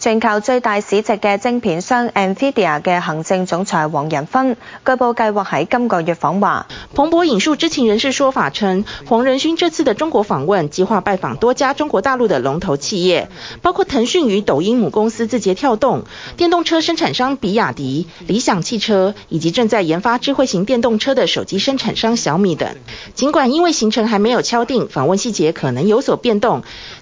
全球最大市值嘅晶片商 NVIDIA 嘅行政總裁黃仁勳據報計劃喺今個月訪華。彭博引述知情人士說法稱，黃仁勳這次的中國訪問計劃拜訪多家中國大陸的龍頭企業，包括騰訊與抖音母公司字節跳動、電動車生產商比亞迪、理想汽車，以及正在研發智慧型電動車的手機生產商小米等。儘管因為行程還沒有敲定，訪問細節可能有所變動。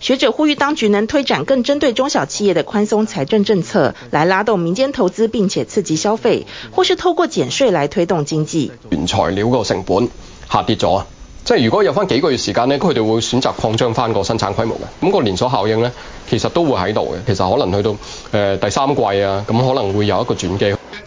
學者呼籲當局能推展更針對中小企業的寬鬆財政政策，來拉動民間投資並且刺激消費，或是透過減稅來推動經濟。原材料個成本下跌咗啊，即係如果有翻幾個月時間咧，佢哋會選擇擴張翻個生產規模嘅，咁個連鎖效應咧，其實都會喺度嘅，其實可能去到誒第三季啊，咁可能會有一個轉機。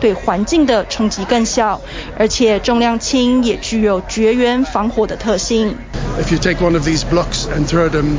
對環境的衝擊更小，而且重量輕，也具有絕緣防火的特性。If you take one of these blocks and throw them,